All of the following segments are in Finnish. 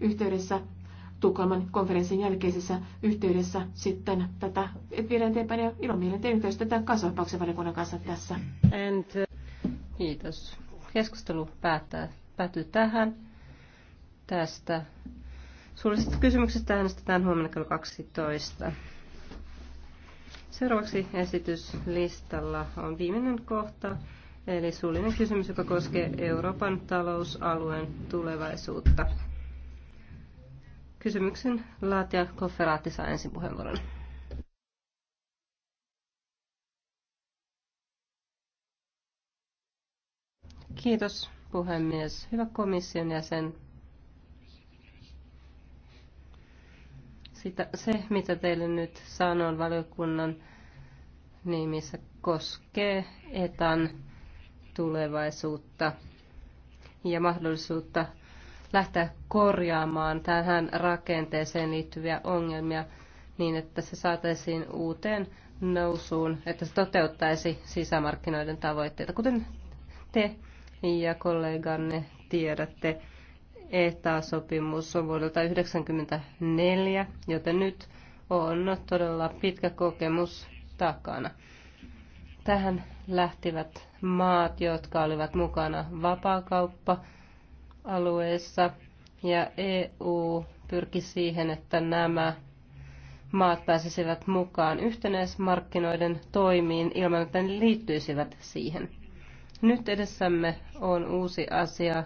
yhteydessä Tukholman konferenssin jälkeisessä yhteydessä sitten tätä vielä eteenpäin ja ilomielen teen yhteistyötä kasvapauksen valiokunnan kanssa tässä. And, uh, kiitos. Keskustelu päättää, päätyy tähän. Tästä suullisesta kysymyksestä äänestetään huomenna kello 12. Seuraavaksi esityslistalla on viimeinen kohta, eli suullinen kysymys, joka koskee Euroopan talousalueen tulevaisuutta. Kysymyksen laatija Kofferaatti saa ensin puheenvuoron. Kiitos puhemies. Hyvä komission jäsen. Sitä, se, mitä teille nyt sanon valiokunnan nimissä, koskee etan tulevaisuutta ja mahdollisuutta lähteä korjaamaan tähän rakenteeseen liittyviä ongelmia niin, että se saataisiin uuteen nousuun, että se toteuttaisi sisämarkkinoiden tavoitteita. Kuten te ja kolleganne tiedätte, ETA-sopimus on vuodelta 1994, joten nyt on todella pitkä kokemus takana. Tähän lähtivät maat, jotka olivat mukana vapaakauppa alueessa ja EU pyrki siihen, että nämä maat pääsisivät mukaan yhtenäismarkkinoiden toimiin ilman, että ne liittyisivät siihen. Nyt edessämme on uusi asia,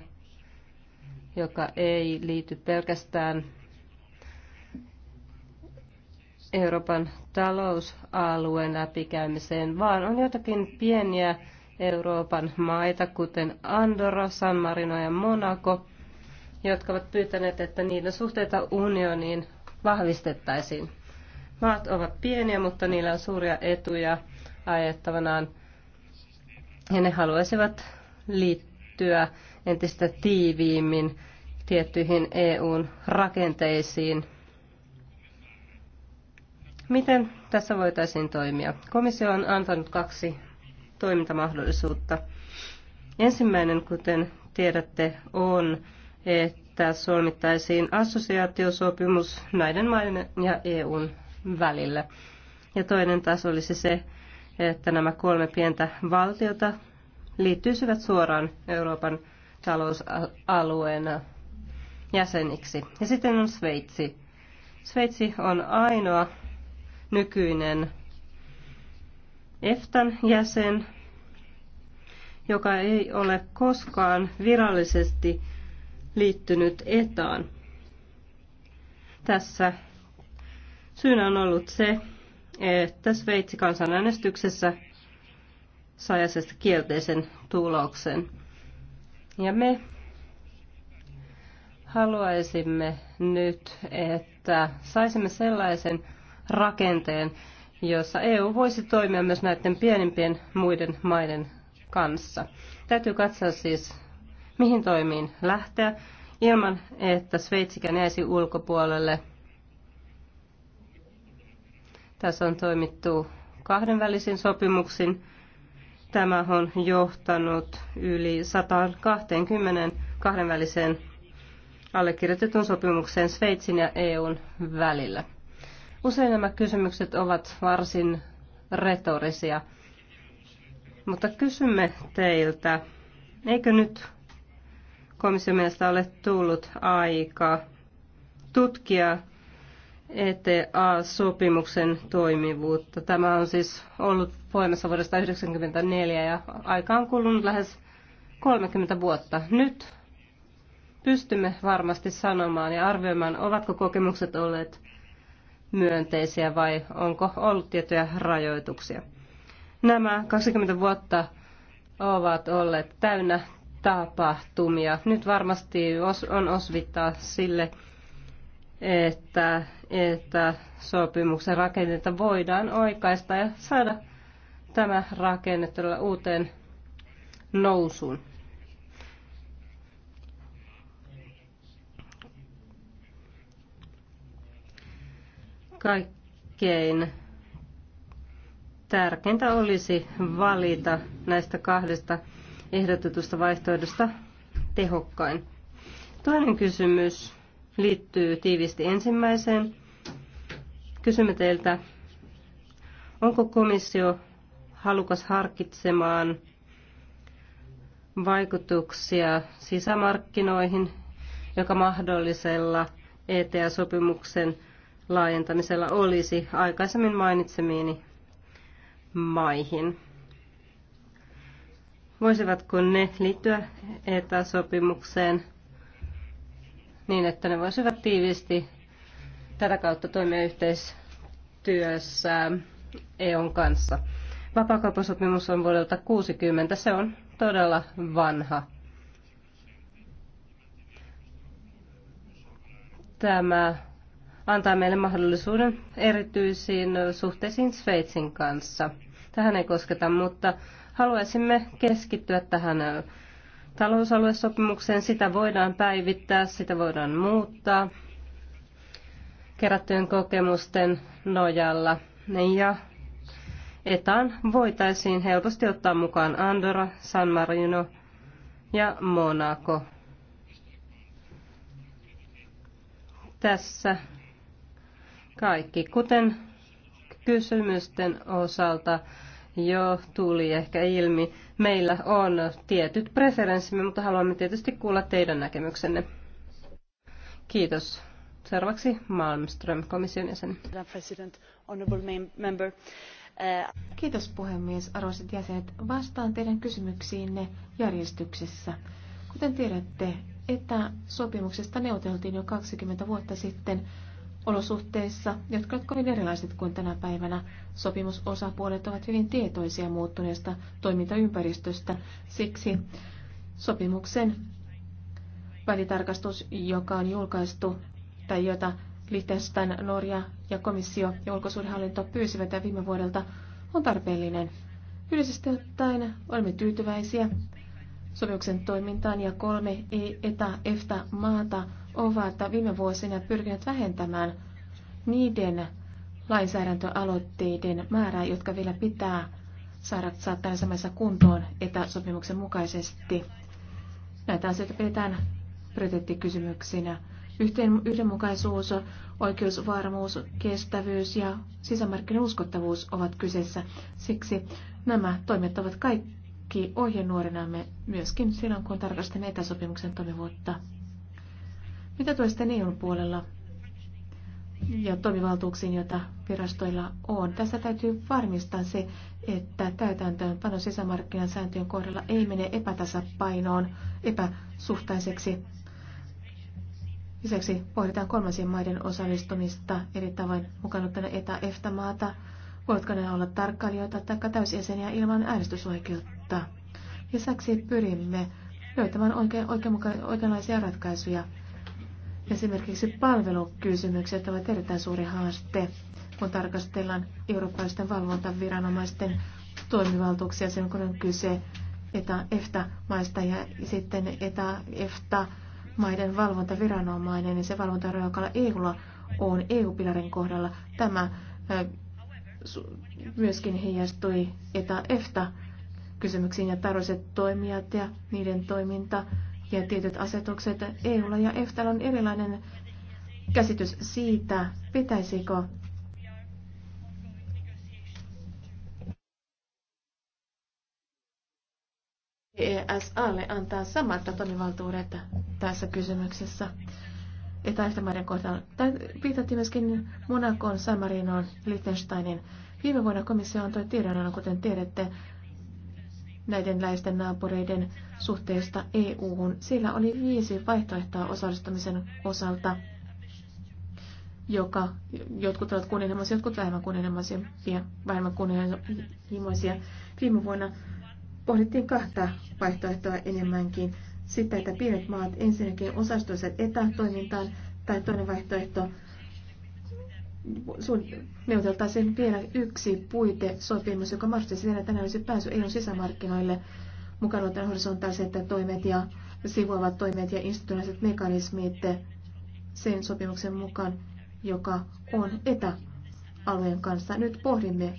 joka ei liity pelkästään Euroopan talousalueen läpikäymiseen, vaan on jotakin pieniä Euroopan maita, kuten Andorra, San Marino ja Monaco, jotka ovat pyytäneet, että niiden suhteita unioniin vahvistettaisiin. Maat ovat pieniä, mutta niillä on suuria etuja ajettavanaan ja ne haluaisivat liittyä entistä tiiviimmin tiettyihin EUn rakenteisiin. Miten tässä voitaisiin toimia? Komissio on antanut kaksi toimintamahdollisuutta. Ensimmäinen, kuten tiedätte, on, että solmittaisiin assosiaatiosopimus näiden maiden ja EUn välillä. Ja toinen taas olisi se, että nämä kolme pientä valtiota liittyisivät suoraan Euroopan talousalueena jäseniksi. Ja sitten on Sveitsi. Sveitsi on ainoa nykyinen EFTAn jäsen, joka ei ole koskaan virallisesti liittynyt etaan. Tässä syynä on ollut se, että Sveitsi kansanäänestyksessä sai asiasta kielteisen tuloksen. Ja me haluaisimme nyt, että saisimme sellaisen rakenteen, jossa EU voisi toimia myös näiden pienimpien muiden maiden kanssa. Täytyy katsoa siis, mihin toimiin lähteä ilman, että Sveitsikään jäisi ulkopuolelle. Tässä on toimittu kahdenvälisin sopimuksin. Tämä on johtanut yli 120 kahdenväliseen allekirjoitetun sopimukseen Sveitsin ja EUn välillä. Usein nämä kysymykset ovat varsin retorisia. Mutta kysymme teiltä, eikö nyt komission mielestä ole tullut aika tutkia ETA-sopimuksen toimivuutta. Tämä on siis ollut voimassa vuodesta 1994 ja aika on kulunut lähes 30 vuotta. Nyt pystymme varmasti sanomaan ja arvioimaan, ovatko kokemukset olleet myönteisiä vai onko ollut tiettyjä rajoituksia. Nämä 20 vuotta ovat olleet täynnä tapahtumia. Nyt varmasti on osvittaa sille, että, että sopimuksen rakennetta voidaan oikaista ja saada tämä rakenne uuteen nousuun. Kaikkein tärkeintä olisi valita näistä kahdesta ehdotetusta vaihtoehdosta tehokkain. Toinen kysymys liittyy tiivisti ensimmäiseen. Kysymme teiltä, onko komissio halukas harkitsemaan vaikutuksia sisämarkkinoihin, joka mahdollisella ETA-sopimuksen laajentamisella olisi aikaisemmin mainitsemiini maihin. Voisivatko ne liittyä etäsopimukseen niin, että ne voisivat tiiviisti tätä kautta toimia yhteistyössä EUn kanssa? Vapaakauppasopimus on vuodelta 60. Se on todella vanha. Tämä antaa meille mahdollisuuden erityisiin suhteisiin Sveitsin kanssa. Tähän ei kosketa, mutta haluaisimme keskittyä tähän talousaluesopimukseen. Sitä voidaan päivittää, sitä voidaan muuttaa kerättyjen kokemusten nojalla. Ja etan voitaisiin helposti ottaa mukaan Andorra, San Marino ja Monaco. Tässä kaikki, kuten kysymysten osalta jo tuli ehkä ilmi. Meillä on tietyt preferenssimme, mutta haluamme tietysti kuulla teidän näkemyksenne. Kiitos. Seuraavaksi Malmström, komission jäsen. Äh, Kiitos puhemies, arvoisat jäsenet. Vastaan teidän kysymyksiinne järjestyksessä. Kuten tiedätte, että sopimuksesta neuvoteltiin jo 20 vuotta sitten olosuhteissa, jotka ovat kovin erilaiset kuin tänä päivänä. Sopimusosapuolet ovat hyvin tietoisia muuttuneesta toimintaympäristöstä. Siksi sopimuksen välitarkastus, joka on julkaistu tai jota Liechtenstein, Norja ja komissio ja ulkosuudenhallinto pyysivät viime vuodelta, on tarpeellinen. Yleisesti ottaen olemme tyytyväisiä sopimuksen toimintaan ja kolme e-, ETA-EFTA-maata ovat viime vuosina pyrkineet vähentämään niiden lainsäädäntöaloitteiden määrää, jotka vielä pitää saada saattaa samassa kuntoon etäsopimuksen mukaisesti. Näitä asioita pidetään prioriteettikysymyksinä. Yhteen, yhdenmukaisuus, oikeusvarmuus, kestävyys ja sisämarkkinoiden uskottavuus ovat kyseessä. Siksi nämä toimet ovat kaikki ohjenuorinamme myöskin silloin, kun tarkastamme etäsopimuksen toimivuutta. Mitä tulee sitten EUn puolella ja toimivaltuuksiin, joita virastoilla on? Tässä täytyy varmistaa se, että täytäntöönpano sisämarkkinan sääntöjen kohdalla ei mene epätasapainoon epäsuhtaiseksi. Lisäksi pohditaan kolmansien maiden osallistumista eri tavoin mukaan ottaen etä efta maata Voitko ne olla tarkkailijoita tai täysjäseniä ilman äänestysoikeutta? Lisäksi pyrimme löytämään oikein, oikein, oikeanlaisia ratkaisuja Esimerkiksi palvelukysymykset ovat erittäin suuri haaste, kun tarkastellaan eurooppalaisten valvontaviranomaisten toimivaltuuksia sen kun on kyse efta maista ja sitten efta maiden valvontaviranomainen niin se valvontaryö, joka EUlla on EU-pilarin kohdalla. Tämä myöskin heijastui efta kysymyksiin ja taroiset toimijat ja niiden toiminta ja tietyt asetukset. EUlla ja EFTAlla on erilainen käsitys siitä, pitäisikö ESAlle antaa samat toimivaltuudet tässä kysymyksessä. Etäyhtämaiden kohdalla. Viitattiin myöskin Monakoon, Samarinoon, Liechtensteinin. Viime vuonna komissio antoi tiedonannon, kuten tiedätte, näiden läisten naapureiden suhteesta EU-hun. Siellä oli viisi vaihtoehtoa osallistumisen osalta, joka jotkut ovat kunnianhimoisia, jotkut vähemmän kunnianhimoisia ja vähemmän kunnianhimoisia. Viime vuonna pohdittiin kahta vaihtoehtoa enemmänkin. Sitä, että pienet maat ensinnäkin osallistuisivat etätoimintaan tai toinen vaihtoehto neuvoteltaisiin vielä yksi puitesopimus, joka mahdollistaisi sen, että näin olisi pääsy EUn sisämarkkinoille mukaan ottaen horisontaaliset toimet ja sivuavat toimet ja institutionaaliset mekanismit sen sopimuksen mukaan, joka on etäalueen kanssa. Nyt pohdimme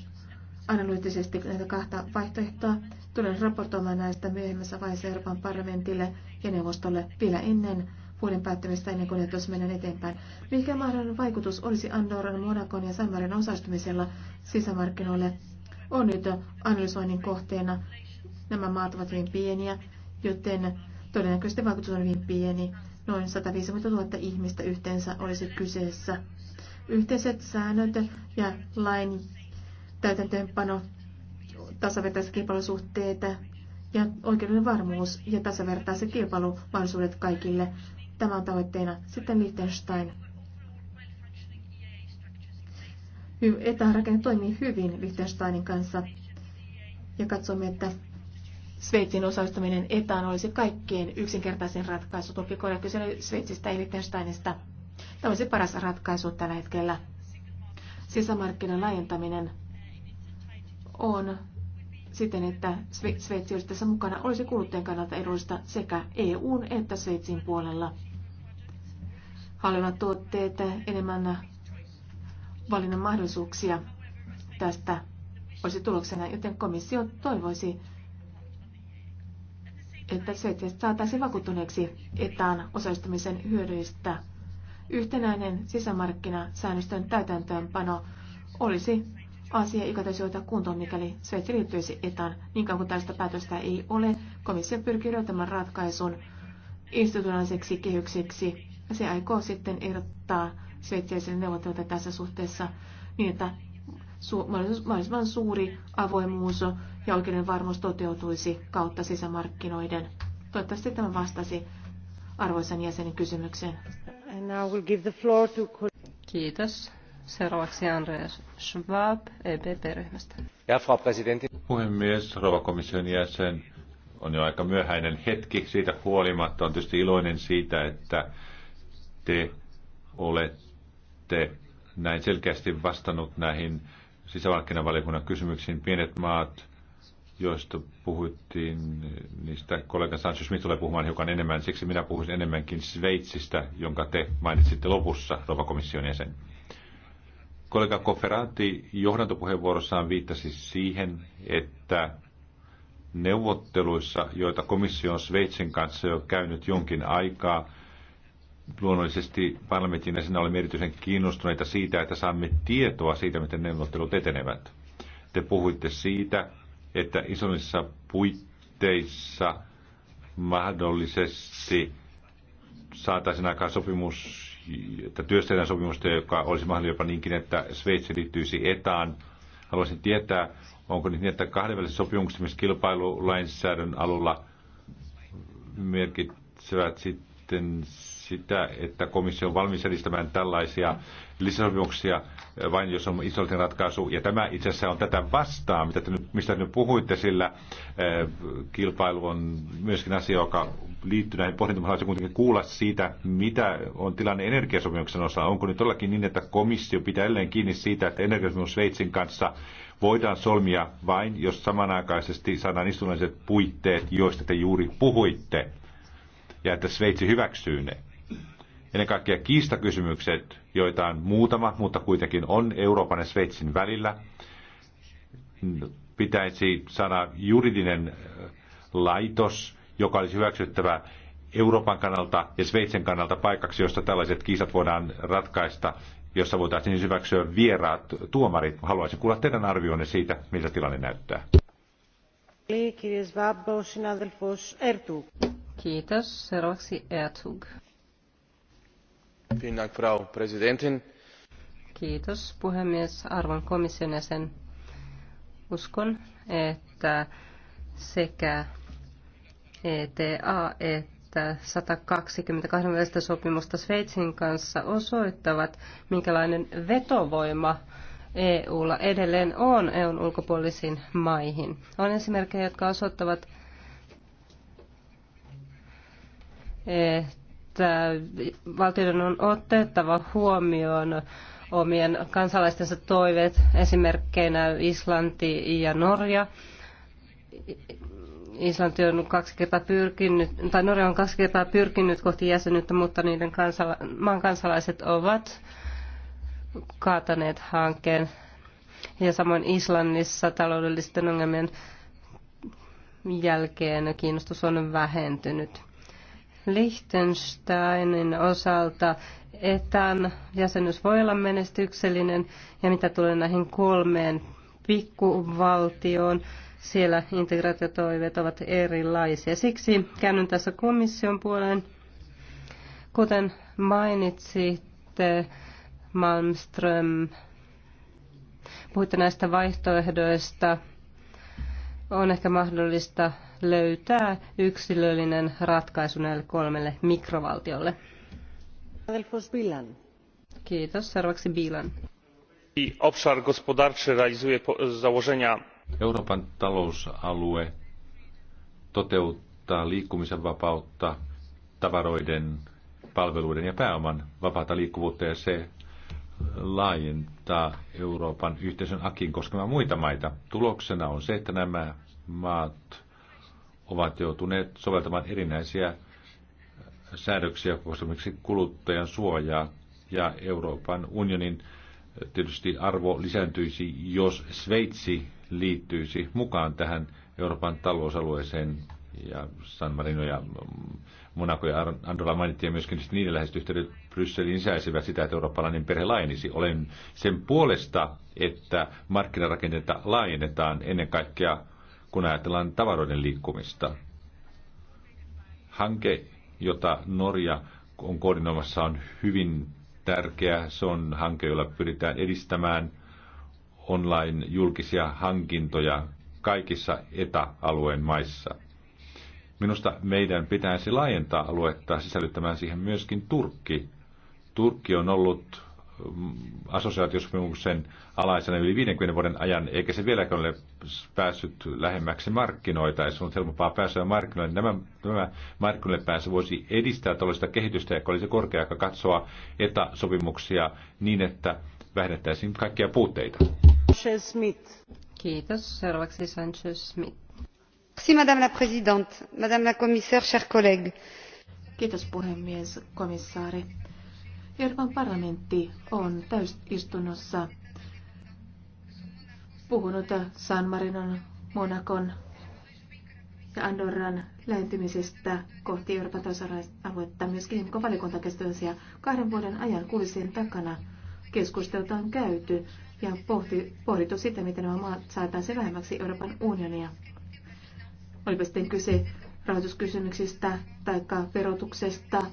analyyttisesti näitä kahta vaihtoehtoa. Tulen raportoimaan näistä myöhemmässä vaiheessa Euroopan parlamentille ja neuvostolle vielä ennen vuoden päättämistä ennen kuin jos mennään eteenpäin. Mikä mahdollinen vaikutus olisi Andorran, Monakon ja Sanmarin osastumisella sisämarkkinoille on nyt analysoinnin kohteena. Nämä maat ovat hyvin pieniä, joten todennäköisesti vaikutus on hyvin pieni. Noin 150 000 ihmistä yhteensä olisi kyseessä. Yhteiset säännöt ja lain täytäntöönpano, tasavertaiset kilpailusuhteet ja oikeudellinen varmuus ja tasavertaiset kilpailumahdollisuudet kaikille Tämä on tavoitteena. Sitten Liechtenstein. Etärakenne toimii hyvin Liechtensteinin kanssa ja katsomme, että Sveitsin osallistuminen etään olisi kaikkein yksinkertaisin ratkaisu. toki kyselee Sveitsistä ja Liechtensteinista. Tämä olisi paras ratkaisu tällä hetkellä. Sisämarkkinan laajentaminen on siten, että Sveitsi olisi tässä mukana, olisi kuluttajien kannalta edullista sekä EUn että Sveitsin puolella halvemmat tuotteet, enemmän valinnan mahdollisuuksia tästä olisi tuloksena, joten komissio toivoisi, että se saataisiin vakuuttuneeksi etään osallistumisen hyödyistä. Yhtenäinen sisämarkkinasäännöstön täytäntöönpano olisi asia, joka täytyy ottaa kuntoon, mikäli Sveitsi liittyisi etään. Niin kauan kuin tällaista päätöstä ei ole, komissio pyrkii löytämään ratkaisun institutionaaliseksi kehykseksi, se aikoo sitten ehdottaa sveitsiläisen neuvottelijoita tässä suhteessa niin, että su- mahdollisimman suuri avoimuus ja oikeuden varmuus toteutuisi kautta sisämarkkinoiden. Toivottavasti tämä vastasi arvoisen jäsenen kysymykseen. Kiitos. Seuraavaksi Andreas Schwab, EPP-ryhmästä. Ja Frau Präsidentin. Puhemies, rouva komission jäsen, on jo aika myöhäinen hetki. Siitä huolimatta on tietysti iloinen siitä, että te olette näin selkeästi vastannut näihin sisämarkkinavaliokunnan kysymyksiin. Pienet maat, joista puhuttiin, niistä kollega Sancho Smith tulee puhumaan hiukan enemmän. Siksi minä puhuisin enemmänkin Sveitsistä, jonka te mainitsitte lopussa, rouva komission jäsen. Kollega Kofferati johdantopuheenvuorossaan viittasi siihen, että neuvotteluissa, joita komissio on Sveitsin kanssa jo käynyt jonkin aikaa, luonnollisesti parlamentin jäsenä olemme erityisen kiinnostuneita siitä, että saamme tietoa siitä, miten neuvottelut etenevät. Te puhuitte siitä, että isommissa puitteissa mahdollisesti saataisiin aikaan sopimus, että työstetään sopimusta, joka olisi mahdollinen jopa niinkin, että Sveitsi liittyisi etaan. Haluaisin tietää, onko niin, että kahdenväliset sopimukset missä kilpailulainsäädännön alulla merkitsevät sitten sitä, että komissio on valmis edistämään tällaisia lisäsopimuksia eh, vain jos on isollinen ratkaisu. Ja tämä itse asiassa on tätä vastaan, mitä te nyt, mistä te nyt puhuitte, sillä eh, kilpailu on myöskin asia, joka liittyy näihin pohdintoihin. Haluaisin kuitenkin kuulla siitä, mitä on tilanne energiasopimuksen osalta. Onko nyt todellakin niin, että komissio pitää edelleen kiinni siitä, että energiasopimus Sveitsin kanssa voidaan solmia vain, jos samanaikaisesti saadaan istunnalliset puitteet, joista te juuri puhuitte, ja että Sveitsi hyväksyy ne ennen kaikkea kiistakysymykset, joita on muutama, mutta kuitenkin on Euroopan ja Sveitsin välillä, pitäisi sana juridinen laitos, joka olisi hyväksyttävä Euroopan kannalta ja Sveitsin kannalta paikaksi, josta tällaiset kiisat voidaan ratkaista, jossa voitaisiin siis hyväksyä vieraat tuomarit. Haluaisin kuulla teidän arvionne siitä, miltä tilanne näyttää. Kiitos. Seuraavaksi Ertug. Frau Präsidentin. Kiitos puhemies, arvon komission jäsen. Uskon, että sekä ETA että 122 välistä sopimusta Sveitsin kanssa osoittavat, minkälainen vetovoima EUlla edelleen on EUn ulkopuolisiin maihin. On esimerkkejä, jotka osoittavat, että että valtioiden on otettava huomioon omien kansalaistensa toiveet, esimerkkeinä Islanti ja Norja. Islanti on kaksi kertaa pyrkinyt, tai Norja on kaksi kertaa pyrkinyt kohti jäsenyyttä, mutta niiden kansala, maan kansalaiset ovat kaataneet hankkeen. Ja samoin Islannissa taloudellisten ongelmien jälkeen kiinnostus on vähentynyt. Liechtensteinin osalta etan jäsenyys voi olla menestyksellinen ja mitä tulee näihin kolmeen pikkuvaltioon, siellä integraatiotoiveet ovat erilaisia. Siksi käännyn tässä komission puoleen. Kuten mainitsitte, Malmström, puhuitte näistä vaihtoehdoista, on ehkä mahdollista löytää yksilöllinen ratkaisu näille kolmelle mikrovaltiolle. Kiitos. Seuraavaksi Bilan. Obszar gospodarczy realizuje założenia. Euroopan talousalue toteuttaa liikkumisen vapautta, tavaroiden, palveluiden ja pääoman vapaata liikkuvuutta ja se laajentaa Euroopan yhteisön akin koskemaan muita maita. Tuloksena on se, että nämä maat ovat joutuneet soveltamaan erinäisiä säädöksiä esimerkiksi kuluttajan suojaa ja Euroopan unionin tietysti arvo lisääntyisi, jos Sveitsi liittyisi mukaan tähän Euroopan talousalueeseen ja San Marino ja Monaco ja Andola mainittiin myöskin niiden läheiset Brysselin lisäisivät sitä, että eurooppalainen perhe laajenisi. Olen sen puolesta, että markkinarakenteita laajennetaan ennen kaikkea, kun ajatellaan tavaroiden liikkumista. Hanke, jota Norja on koordinoimassa, on hyvin tärkeä. Se on hanke, jolla pyritään edistämään online-julkisia hankintoja kaikissa etäalueen maissa. Minusta meidän pitäisi laajentaa aluetta sisällyttämään siihen myöskin Turkki. Turkki on ollut mm, assosiaatiosopimuksen alaisena yli 50 vuoden ajan, eikä se vieläkään ole päässyt lähemmäksi markkinoita, ja se on helpompaa päästä markkinoille. Nämä, nämä markkinoille pääsy voisi edistää tällaista kehitystä, ja olisi korkea aika katsoa etäsopimuksia niin, että vähennettäisiin kaikkia puutteita. Smith. Kiitos. Seuraavaksi Sanchez Smith. Merci, Madame la Présidente, Madame la Commissaire, chers collègues. Kiitos puhemies, komissaari Euroopan parlamentti on täysistunnossa puhunut San Marinon, Monakon ja Andorran lähentymisestä kohti Euroopan tasa-aluetta. Myöskin IMCO valikunta kahden vuoden ajan kulissien takana keskustelta on käyty ja pohti, pohdittu sitä, miten nämä maat saataisiin vähemmäksi Euroopan unionia. Olipa sitten kyse rahoituskysymyksistä tai verotuksesta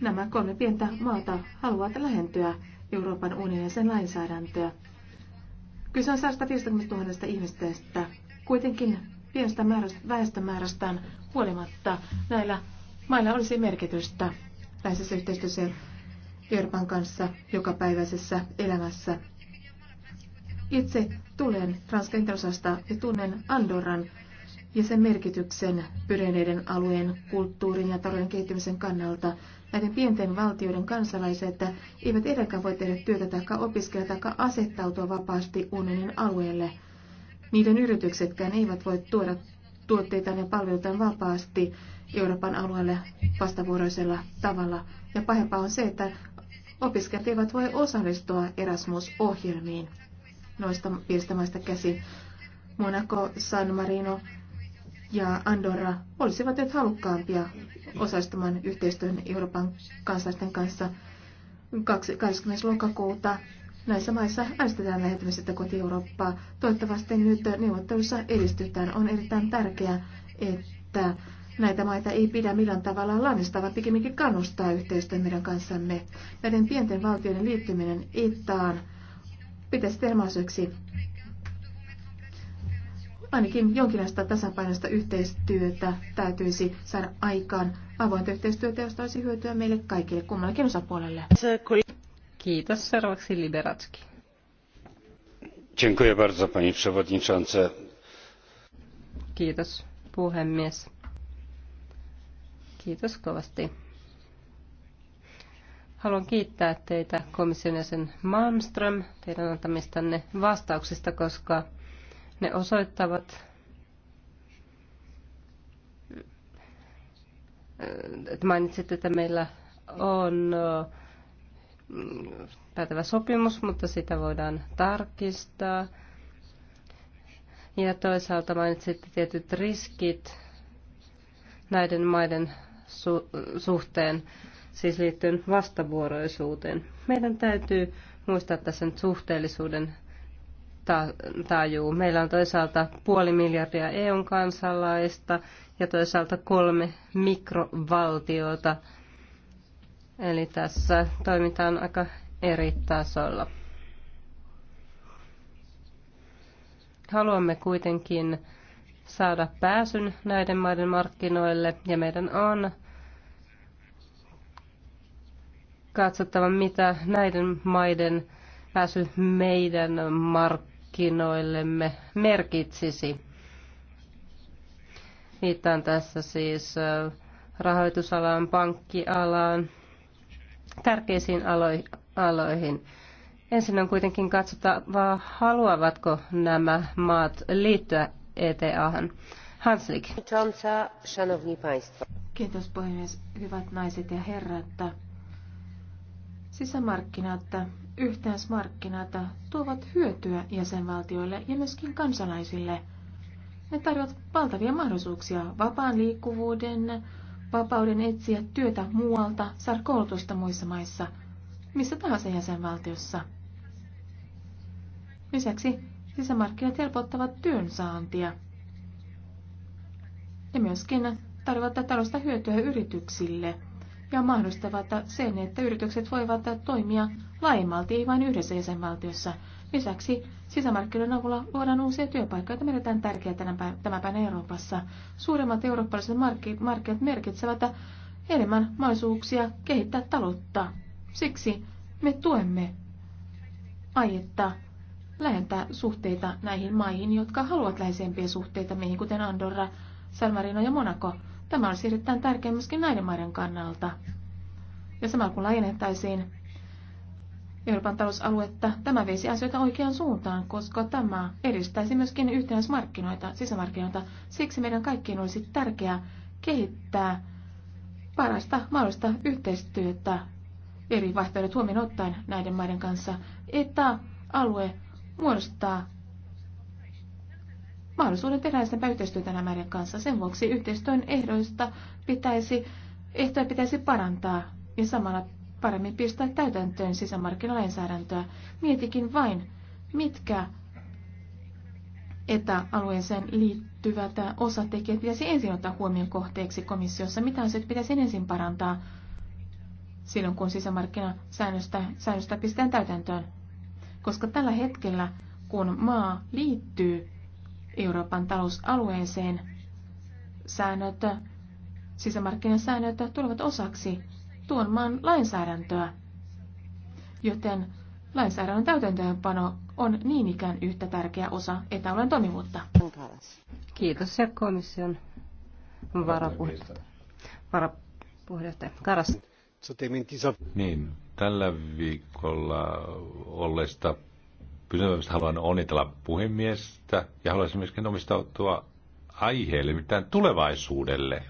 Nämä kolme pientä maata haluavat lähentyä Euroopan unionin sen lainsäädäntöä. Kyse on 150 000 ihmisestä. Kuitenkin pienestä määrästä, väestömäärästään huolimatta näillä mailla olisi merkitystä läheisessä yhteistyössä Euroopan kanssa jokapäiväisessä elämässä. Itse tulen Ranskan interosasta ja tunnen Andorran ja sen merkityksen pyreneiden alueen kulttuurin ja talouden kehittymisen kannalta näiden pienten valtioiden että eivät edelläkään voi tehdä työtä tai opiskella tai asettautua vapaasti unionin alueelle. Niiden yrityksetkään eivät voi tuoda tuotteitaan ja palveluitaan vapaasti Euroopan alueelle vastavuoroisella tavalla. Ja pahempaa on se, että opiskelijat eivät voi osallistua Erasmus-ohjelmiin noista piiristä maista käsin. Monaco, San Marino, ja Andorra olisivat nyt halukkaampia osallistumaan yhteistyön Euroopan kansalaisten kanssa 20. lokakuuta. Näissä maissa äänestetään lähettämisestä koti Eurooppaa. Toivottavasti nyt neuvottelussa edistytään. On erittäin tärkeää, että näitä maita ei pidä millään tavalla lannistaa, vaan pikemminkin kannustaa yhteistyön meidän kanssamme. Näiden pienten valtioiden liittyminen Itaan pitäisi tehdä ainakin jonkinlaista tasapainoista yhteistyötä täytyisi saada aikaan. Avointa yhteistyötä, josta olisi hyötyä meille kaikille kummallakin osapuolelle. Kiitos. Seuraavaksi Liberatski. Dziękuję bardzo, pani przewodnicząca. Kiitos, puhemies. Kiitos kovasti. Haluan kiittää teitä komission jäsen Malmström teidän antamistanne vastauksista, koska ne osoittavat, että mainitsit, että meillä on päätävä sopimus, mutta sitä voidaan tarkistaa. Ja toisaalta mainitsitte tietyt riskit näiden maiden su- suhteen, siis liittyen vastavuoroisuuteen. Meidän täytyy muistaa tässä nyt suhteellisuuden tajuu. Meillä on toisaalta puoli miljardia EUn kansalaista ja toisaalta kolme mikrovaltiota. Eli tässä toimitaan aika eri tasolla. Haluamme kuitenkin saada pääsyn näiden maiden markkinoille ja meidän on katsottava, mitä näiden maiden pääsy meidän markkinoille markkinoillemme merkitsisi. Viittaan tässä siis rahoitusalan, pankkialaan, tärkeisiin aloihin. Ensin on kuitenkin katsottava, haluavatko nämä maat liittyä ETA-han. Hanslik. Kiitos puhemies. Hyvät naiset ja herrat. Sisämarkkinat yhteismarkkinat tuovat hyötyä jäsenvaltioille ja myöskin kansalaisille. Ne tarjoavat valtavia mahdollisuuksia vapaan liikkuvuuden, vapauden etsiä työtä muualta, saada koulutusta muissa maissa, missä tahansa jäsenvaltiossa. Lisäksi sisämarkkinat helpottavat saantia ja myöskin tarjoavat tällaista hyötyä yrityksille – ja mahdollistavat sen, että yritykset voivat toimia laajemmalti, ei vain yhdessä jäsenvaltiossa. Lisäksi sisämarkkinoiden avulla luodaan uusia työpaikkoja, joita meidän tärkeää tämän päivän Euroopassa. Suuremmat eurooppalaiset markkinat merkitsevät enemmän mahdollisuuksia kehittää taloutta. Siksi me tuemme aietta lähentää suhteita näihin maihin, jotka haluavat läheisempiä suhteita meihin, kuten Andorra, San Marino ja Monaco. Tämä on erittäin tärkeä myöskin näiden maiden kannalta. Ja samalla kun laajennettaisiin Euroopan talousaluetta, tämä veisi asioita oikeaan suuntaan, koska tämä edistäisi myöskin yhtenäismarkkinoita, sisämarkkinoita. Siksi meidän kaikkien olisi tärkeää kehittää parasta mahdollista yhteistyötä eri vaihtoehdot huomioon ottaen näiden maiden kanssa, että alue muodostaa mahdollisuuden tehdä enemmän yhteistyötä nämä kanssa. Sen vuoksi yhteistyön ehdoista pitäisi, ehtoja pitäisi parantaa ja samalla paremmin pistää täytäntöön sisämarkkinalainsäädäntöä. Mietikin vain, mitkä etäalueeseen liittyvät osatekijät pitäisi ensin ottaa huomioon kohteeksi komissiossa. Mitä asioita pitäisi ensin parantaa silloin, kun sisämarkkinasäännöstä säännöstä pistetään täytäntöön? Koska tällä hetkellä, kun maa liittyy Euroopan talousalueeseen. Säännöt, sisämarkkinasäännöt tulevat osaksi tuon maan lainsäädäntöä, joten lainsäädännön täytäntöönpano on niin ikään yhtä tärkeä osa etäalueen toimivuutta. Kiitos ja komission varapuheenjohtaja Karas. Niin, tällä viikolla olleista kysymyksestä haluan onnitella puhemiestä ja haluaisin myöskin omistautua aiheelle, mitään tulevaisuudelle.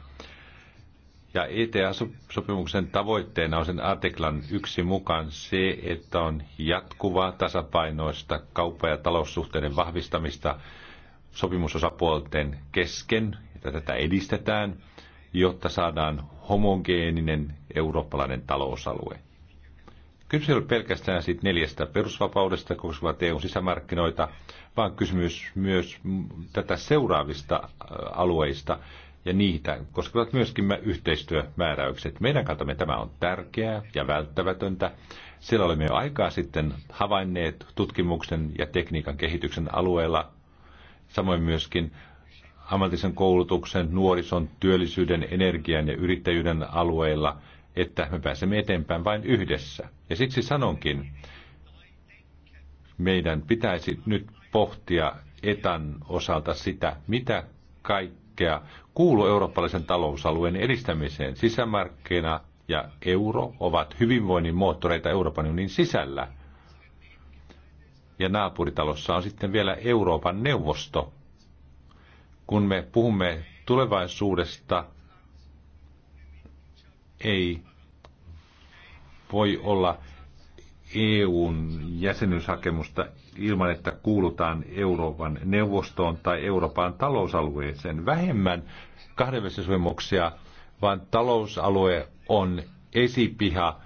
Ja ETA-sopimuksen tavoitteena on sen artiklan yksi mukaan se, että on jatkuvaa tasapainoista kauppa- ja taloussuhteiden vahvistamista sopimusosapuolten kesken, että tätä edistetään, jotta saadaan homogeeninen eurooppalainen talousalue. Kysymys ei ole pelkästään siitä neljästä perusvapaudesta koska EUn sisämarkkinoita, vaan kysymys myös tätä seuraavista äh, alueista ja niitä koskevat myöskin yhteistyömääräykset. Meidän kantamme tämä on tärkeää ja välttämätöntä. Siellä olemme jo aikaa sitten havainneet tutkimuksen ja tekniikan kehityksen alueella, samoin myöskin ammatillisen koulutuksen, nuorison, työllisyyden, energian ja yrittäjyyden alueilla – että me pääsemme eteenpäin vain yhdessä. Ja siksi sanonkin, meidän pitäisi nyt pohtia etan osalta sitä, mitä kaikkea kuuluu eurooppalaisen talousalueen edistämiseen. Sisämarkkina ja euro ovat hyvinvoinnin moottoreita Euroopan unionin sisällä. Ja naapuritalossa on sitten vielä Euroopan neuvosto. Kun me puhumme tulevaisuudesta, ei voi olla EUn jäsenyyshakemusta ilman, että kuulutaan Euroopan neuvostoon tai Euroopan talousalueeseen. Vähemmän kahdenvälisiä sopimuksia, vaan talousalue on esipiha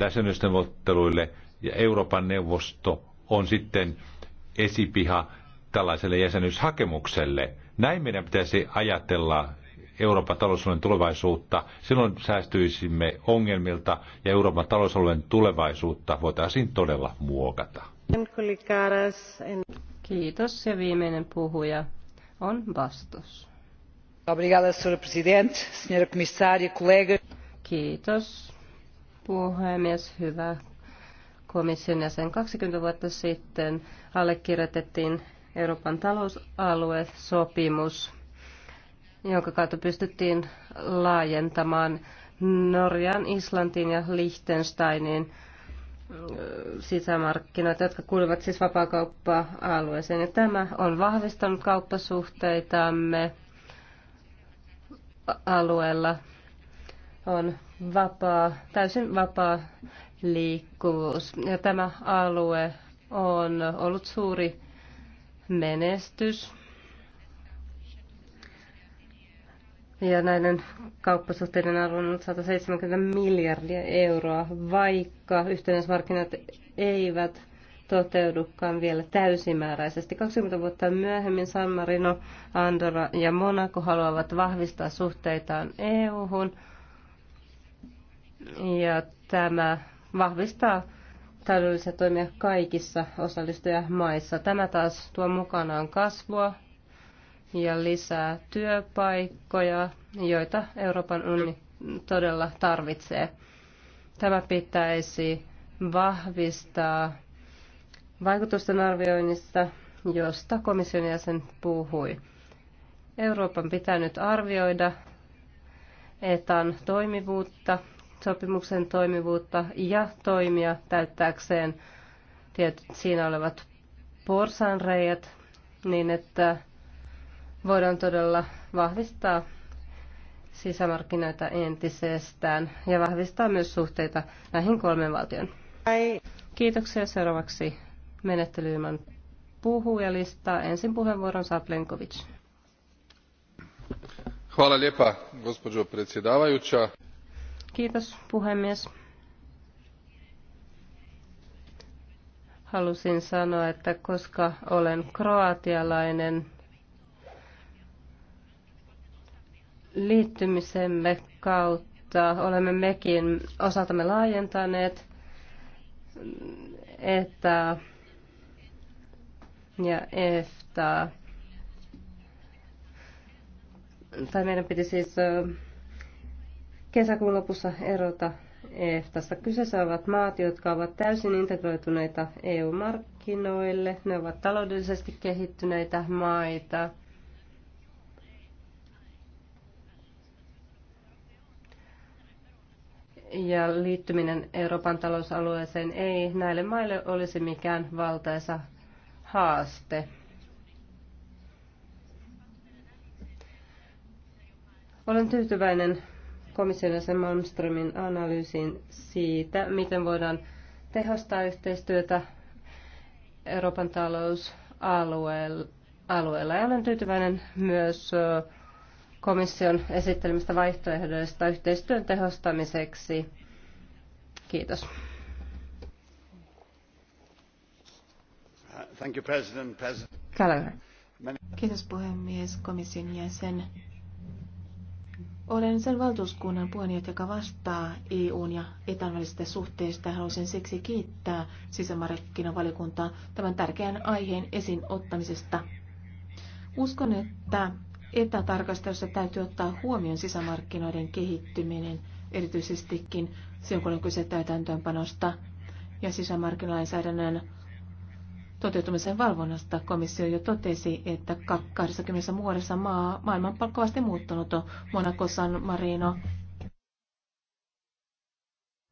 jäsenyysneuvotteluille ja Euroopan neuvosto on sitten esipiha tällaiselle jäsenyyshakemukselle. Näin meidän pitäisi ajatella Euroopan talousalueen tulevaisuutta. Silloin säästyisimme ongelmilta ja Euroopan talousalueen tulevaisuutta voitaisiin todella muokata. Kiitos ja viimeinen puhuja on vastus. Obrigada, senhora presidente, senhora comissária, colega. Kiitos, puhemies, hyvä komission jäsen. 20 vuotta sitten allekirjoitettiin Euroopan talousalue sopimus jonka kautta pystyttiin laajentamaan Norjan, Islantiin ja Liechtensteinin sisämarkkinoita, jotka kuuluvat siis vapaakauppa-alueeseen. Ja tämä on vahvistanut kauppasuhteitamme alueella. On vapaa, täysin vapaa liikkuvuus. Ja tämä alue on ollut suuri menestys Ja näiden kauppasuhteiden arvo on 170 miljardia euroa, vaikka yhtenäismarkkinat eivät toteudukaan vielä täysimääräisesti. 20 vuotta myöhemmin San Marino, Andorra ja Monaco haluavat vahvistaa suhteitaan EU-hun. Ja tämä vahvistaa taloudellisia toimia kaikissa osallistujamaissa. Tämä taas tuo mukanaan kasvua, ja lisää työpaikkoja, joita Euroopan unioni todella tarvitsee. Tämä pitäisi vahvistaa vaikutusten arvioinnista, josta komission jäsen puhui. Euroopan pitää nyt arvioida etan toimivuutta, sopimuksen toimivuutta ja toimia täyttääkseen tietyt siinä olevat porsanreijät niin, että voidaan todella vahvistaa sisämarkkinoita entisestään ja vahvistaa myös suhteita näihin kolmen valtion. Kiitoksia. Seuraavaksi menettelyyn puhujalista. Ensin puheenvuoron saa Plenkovic. Hvala lijepa, gospođo predsjedavajuća. Kiitos, puhemies. Halusin sanoa, että koska olen kroatialainen, liittymisemme kautta olemme mekin osaltamme laajentaneet että ja EFTA. Tai meidän piti siis kesäkuun lopussa erota EFTasta. Kyseessä ovat maat, jotka ovat täysin integroituneita EU-markkinoille. Ne ovat taloudellisesti kehittyneitä maita ja liittyminen Euroopan talousalueeseen ei näille maille olisi mikään valtaisa haaste. Olen tyytyväinen komission jäsen Malmströmin analyysiin siitä, miten voidaan tehostaa yhteistyötä Euroopan talousalueella. Ja olen tyytyväinen myös komission esittelemistä vaihtoehdoista yhteistyön tehostamiseksi. Kiitos. Thank you, President. President. Kiitos puhemies, komission jäsen. Olen sen valtuuskunnan puheenjohtaja, joka vastaa EUn ja ETAn välisistä suhteista. Haluaisin siksi kiittää sisämarkkinavaliokuntaa tämän tärkeän aiheen esiin ottamisesta. Uskon, että etätarkastelussa täytyy ottaa huomioon sisämarkkinoiden kehittyminen, erityisestikin silloin kun on kyse täytäntöönpanosta ja sisämarkkinalainsäädännön toteutumisen valvonnasta. Komissio jo totesi, että 20 vuodessa maa, maailman on muuttunut muuttunut. Monaco, San Marino,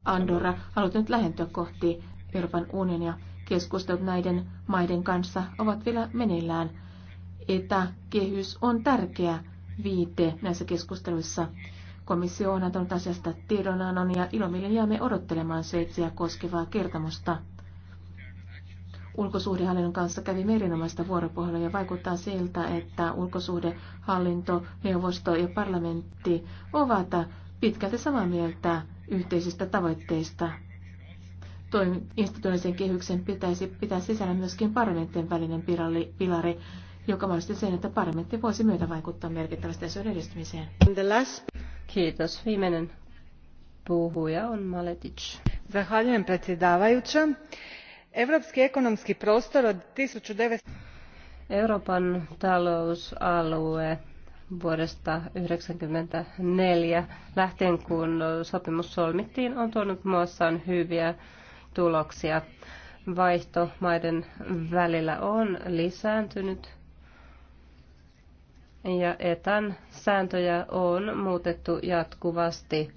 Andorra haluat nyt lähentyä kohti Euroopan unionia. Keskustelut näiden maiden kanssa ovat vielä meneillään että kehys on tärkeä viite näissä keskusteluissa. Komissio on antanut asiasta tiedonannon ja ilomille jäämme odottelemaan Sveitsiä koskevaa kertomusta. Ulkosuhdehallinnon kanssa kävi erinomaista vuoropuhelua ja vaikuttaa siltä, että ulkosuhdehallinto, neuvosto ja parlamentti ovat pitkälti samaa mieltä yhteisistä tavoitteista. Instituutioiden kehyksen pitäisi pitää sisällä myöskin parlamentin välinen pilari, joka mahdollisti sen, että parlamentti voisi myötä vaikuttaa merkittävästi asioiden edistymiseen. Kiitos. Viimeinen puhuja on Maletic. Zahvaljujem predsjedavajuća. Evropski ekonomski prostor od 1900... Euroopan talousalue vuodesta 1994 lähtien, kun sopimus solmittiin, on tuonut muassaan hyviä tuloksia. Vaihto maiden välillä on lisääntynyt ja etan sääntöjä on muutettu jatkuvasti.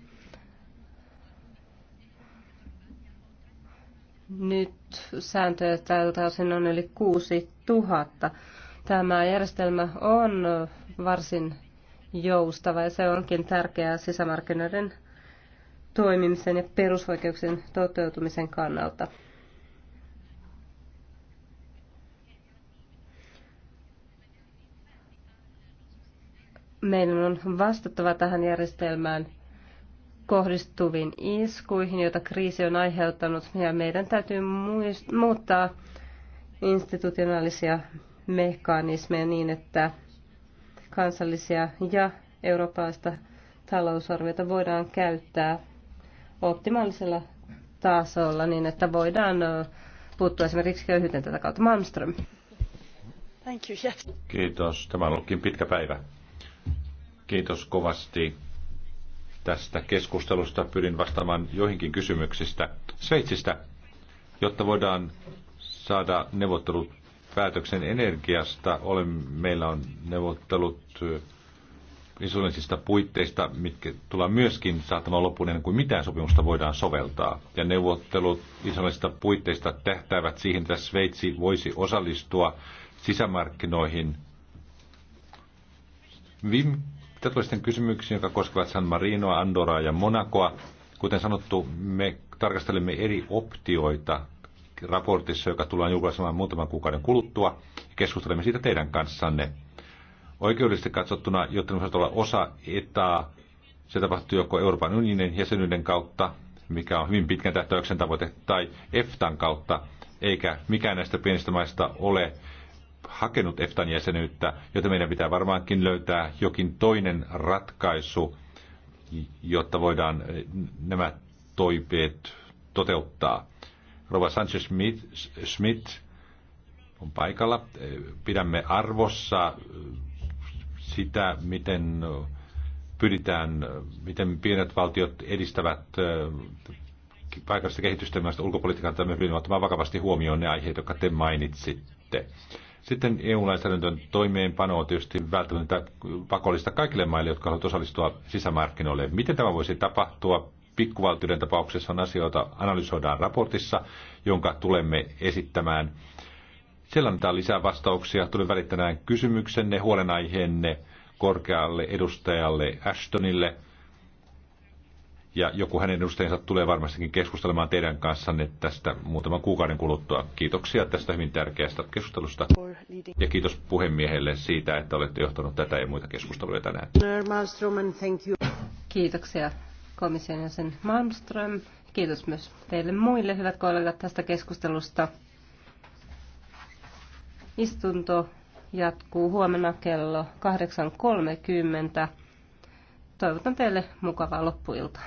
Nyt sääntöjä tältä osin on yli 6000. Tämä järjestelmä on varsin joustava ja se onkin tärkeää sisämarkkinoiden toimimisen ja perusoikeuksien toteutumisen kannalta. meidän on vastattava tähän järjestelmään kohdistuviin iskuihin, joita kriisi on aiheuttanut, ja meidän täytyy muuttaa institutionaalisia mekanismeja niin, että kansallisia ja eurooppalaista talousarviota voidaan käyttää optimaalisella tasolla niin, että voidaan puuttua esimerkiksi köyhyyteen tätä kautta. Malmström. Thank you, yes. Kiitos. Tämä on ollutkin pitkä päivä. Kiitos kovasti tästä keskustelusta. Pyrin vastaamaan joihinkin kysymyksistä Sveitsistä, jotta voidaan saada neuvottelut päätöksen energiasta. Olen, meillä on neuvottelut eh, insolvenssista puitteista, mitkä tullaan myöskin saattamaan loppuun ennen kuin mitään sopimusta voidaan soveltaa. Ja neuvottelut insolvenssista puitteista tähtäävät siihen, että Sveitsi voisi osallistua sisämarkkinoihin. Viime mitä tulee sitten kysymyksiin, jotka koskevat San Marinoa, Andoraa ja Monakoa, kuten sanottu, me tarkastelemme eri optioita raportissa, joka tullaan julkaisemaan muutaman kuukauden kuluttua, ja keskustelemme siitä teidän kanssanne. Oikeudellisesti katsottuna, jotta ne olla osa etaa, se tapahtuu joko Euroopan unionin jäsenyyden kautta, mikä on hyvin pitkän tähtäyksen tavoite, tai EFTAn kautta, eikä mikään näistä pienistä maista ole hakenut EFTAn jäsenyyttä, joten meidän pitää varmaankin löytää jokin toinen ratkaisu, jotta voidaan eh, nämä toipeet toteuttaa. Rova Sanchez Smith on paikalla. Eh, pidämme arvossa eh, sitä, miten pyritään, miten pienet valtiot edistävät paikallista kehitystä ja ulkopolitiikan, että me pyrimme ottamaan vakavasti huomioon ne aiheet, jotka te mainitsitte. Sitten EU-lainsäädäntön toimeenpano on tietysti välttämättä pakollista kaikille maille, jotka haluavat osallistua sisämarkkinoille. Miten tämä voisi tapahtua? Pikkuvaltioiden tapauksessa on asioita analysoidaan raportissa, jonka tulemme esittämään. Siellä annetaan lisää vastauksia. Tuli välittämään kysymyksenne, huolenaiheenne korkealle edustajalle Ashtonille – ja joku hänen edustajansa tulee varmastikin keskustelemaan teidän kanssanne tästä muutaman kuukauden kuluttua. Kiitoksia tästä hyvin tärkeästä keskustelusta ja kiitos puhemiehelle siitä, että olette johtanut tätä ja muita keskusteluja tänään. Kiitoksia komission jäsen Malmström. Kiitos myös teille muille, hyvät kollegat, tästä keskustelusta. Istunto jatkuu huomenna kello 8.30 Toivotan teille mukavaa loppuiltaa.